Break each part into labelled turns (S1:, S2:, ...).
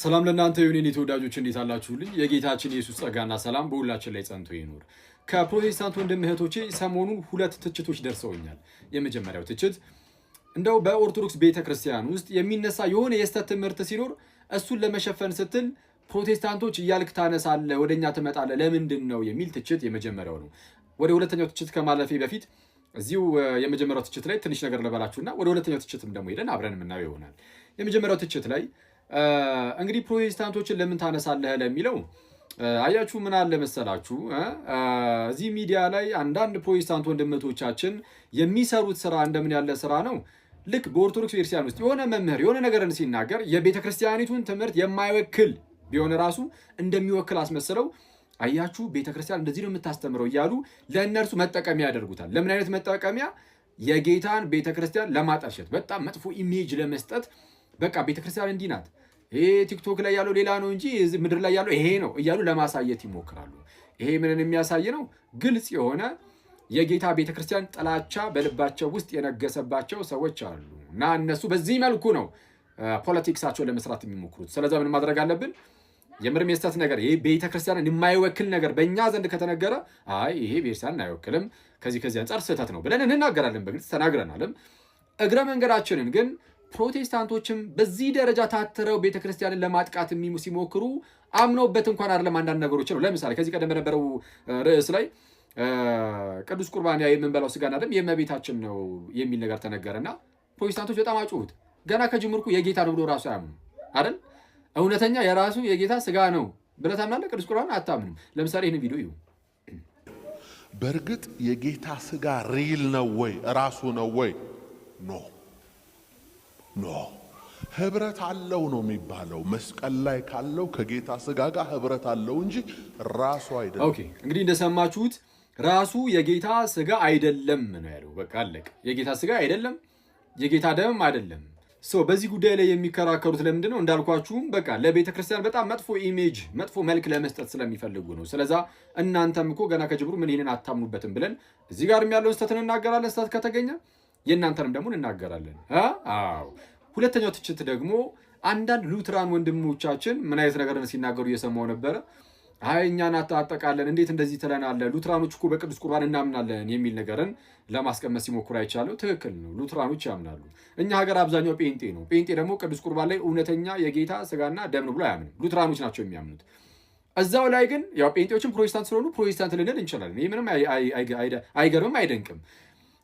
S1: ሰላም ለእናንተ ይሁን የኔ ተወዳጆች፣ እንዴት አላችሁልኝ? የጌታችን ኢየሱስ ጸጋና ሰላም በሁላችን ላይ ጸንቶ ይኑር። ከፕሮቴስታንት ወንድም እህቶቼ ሰሞኑን ሁለት ትችቶች ደርሰውኛል። የመጀመሪያው ትችት እንደው በኦርቶዶክስ ቤተ ክርስቲያን ውስጥ የሚነሳ የሆነ የስተት ትምህርት ሲኖር እሱን ለመሸፈን ስትል ፕሮቴስታንቶች እያልክ ታነሳለ ወደኛ ትመጣለ ለምንድን ነው የሚል ትችት የመጀመሪያው ነው። ወደ ሁለተኛው ትችት ከማለፌ በፊት እዚሁ የመጀመሪያው ትችት ላይ ትንሽ ነገር ልበላችሁና ወደ ሁለተኛው ትችትም ደግሞ ሄደን አብረን የምናየው ይሆናል። የመጀመሪያው ትችት ላይ እንግዲህ ፕሮቴስታንቶችን ለምን ታነሳለህ ለሚለው አያችሁ ምን አለ መሰላችሁ፣ እዚህ ሚዲያ ላይ አንዳንድ ፕሮቴስታንት ወንድምቶቻችን የሚሰሩት ስራ እንደምን ያለ ስራ ነው። ልክ በኦርቶዶክስ ቤተክርስቲያን ውስጥ የሆነ መምህር የሆነ ነገርን ሲናገር የቤተክርስቲያኒቱን ትምህርት የማይወክል ቢሆን ራሱ እንደሚወክል አስመስለው አያችሁ ቤተክርስቲያን እንደዚህ ነው የምታስተምረው እያሉ ለእነርሱ መጠቀሚያ ያደርጉታል። ለምን አይነት መጠቀሚያ? የጌታን ቤተክርስቲያን ክርስቲያን በጣም መጥፎ ኢሜጅ ለመስጠት በቃ ቤተክርስቲያን እንዲህ ናት ይሄ ቲክቶክ ላይ ያለው ሌላ ነው እንጂ ምድር ላይ ያለው ይሄ ነው እያሉ ለማሳየት ይሞክራሉ። ይሄ ምንን የሚያሳይ ነው? ግልጽ የሆነ የጌታ ቤተክርስቲያን ጥላቻ በልባቸው ውስጥ የነገሰባቸው ሰዎች አሉ እና እነሱ በዚህ መልኩ ነው ፖለቲክሳቸውን ለመስራት የሚሞክሩት። ስለዚ ምን ማድረግ አለብን? የምርም የስተት ነገር ይህ ቤተክርስቲያንን የማይወክል ነገር በእኛ ዘንድ ከተነገረ አይ ይሄ ቤተክርስቲያንን አይወክልም፣ ከዚህ ከዚህ አንጻር ስህተት ነው ብለን እንናገራለን። በግልጽ ተናግረናልም። እግረ መንገዳችንን ግን ፕሮቴስታንቶችም በዚህ ደረጃ ታትረው ቤተክርስቲያንን ለማጥቃት ሲሞክሩ አምነውበት እንኳን አይደለም አንዳንድ ነገሮች ነው። ለምሳሌ ከዚህ ቀደም በነበረው ርዕስ ላይ ቅዱስ ቁርባን የምንበላው ስጋና ደም የእመቤታችን ነው የሚል ነገር ተነገረና ፕሮቴስታንቶች በጣም አጮሁት። ገና ከጅምርኩ የጌታ ነው ብሎ ራሱ አያምኑ አይደል? እውነተኛ የራሱ የጌታ ስጋ ነው ብለህ ታምናለህ፣ ቅዱስ ቁርባን አታምንም። ለምሳሌ ይህን ቪዲዮ
S2: በእርግጥ የጌታ ስጋ ሪል ነው ወይ ራሱ ነው ወይ ነው ኖ ህብረት አለው ነው የሚባለው። መስቀል ላይ ካለው ከጌታ ስጋ ጋር ህብረት አለው እንጂ ራሱ አይደለም።
S1: ኦኬ እንግዲህ እንደሰማችሁት ራሱ የጌታ ስጋ አይደለም ነው ያለው። በቃ አለቀ። የጌታ ስጋ አይደለም፣ የጌታ ደምም አይደለም። ሰው በዚህ ጉዳይ ላይ የሚከራከሩት ለምንድን ነው? እንዳልኳችሁም በቃ ለቤተ ክርስቲያን በጣም መጥፎ ኢሜጅ፣ መጥፎ መልክ ለመስጠት ስለሚፈልጉ ነው። ስለዛ እናንተም እኮ ገና ከጅብሩ ምን ይሄንን አታምኑበትም ብለን እዚህ ጋርም ያለውን ስተት እንናገራለን ስተት ከተገኘ የእናንተንም ደግሞ እንናገራለን። አዎ ሁለተኛው ትችት ደግሞ አንዳንድ ሉትራን ወንድሞቻችን ምን አይነት ነገር ሲናገሩ እየሰማው ነበረ። አይ እኛን አታጠቃለን፣ እንዴት እንደዚህ ትለናለህ? ሉትራኖች እኮ በቅዱስ ቁርባን እናምናለን የሚል ነገርን ለማስቀመጥ ሲሞክሩ አይቻለሁ። ትክክል ነው፣ ሉትራኖች ያምናሉ። እኛ ሀገር አብዛኛው ጴንጤ ነው። ጴንጤ ደግሞ ቅዱስ ቁርባን ላይ እውነተኛ የጌታ ስጋና ደምን ብሎ አያምንም። ሉትራኖች ናቸው የሚያምኑት። እዛው ላይ ግን ያው ጴንጤዎችም ፕሮቴስታንት ስለሆኑ ፕሮቴስታንት ልንል እንችላለን። ይህ ምንም አይገርምም፣ አይደንቅም።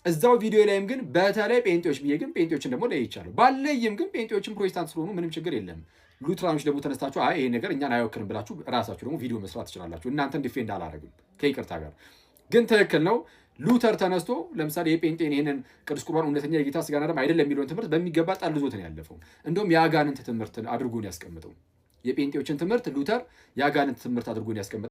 S1: እዛው ቪዲዮ ላይም ግን በተለይ ጴንጤዎች ብዬ ግን ጴንጤዎችን ደግሞ ለይቻለሁ። ባለይም ግን ጴንጤዎችን ፕሮቴስታንት ስለሆኑ ምንም ችግር የለም። ሉትራኖች ደግሞ ተነስታችሁ አይ ይሄ ነገር እኛን አይወክልም ብላችሁ ራሳችሁ ደግሞ ቪዲዮ መስራት ትችላላችሁ። እናንተን ዲፌንድ አላደርግም ከይቅርታ ጋር ግን ትክክል ነው። ሉተር ተነስቶ ለምሳሌ የጴንጤን ይህንን ቅዱስ ቁርባን እውነተኛ የጌታ ስጋ ደም አይደለም የሚለውን ትምህርት በሚገባ ጣልዞት ነው ያለፈው። እንደውም የአጋንንት ትምህርት አድርጎን ያስቀምጠው የጴንጤዎችን ትምህርት ሉተር የአጋንንት ትምህርት አድርጎን ያስቀምጠው።